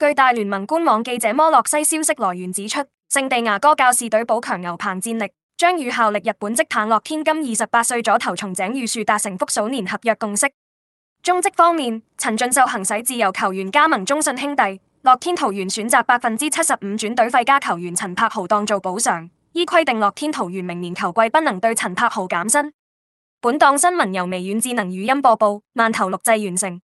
據大聯盟官網記者摩洛西消息來源指出，聖地牙哥教士隊補強牛棚戰力，將與效力日本職棒樂天金二十八歲左投松井裕樹達成複數年合約共識。中職方面，陳俊秀行使自由球員加盟中信兄弟，樂天桃園選擇百分之七十五轉隊費加球員陳柏豪當做補償，依規定樂天桃園明年球季不能對陳柏豪減薪。本檔新聞由微軟智能語音播報，慢頭錄製完成。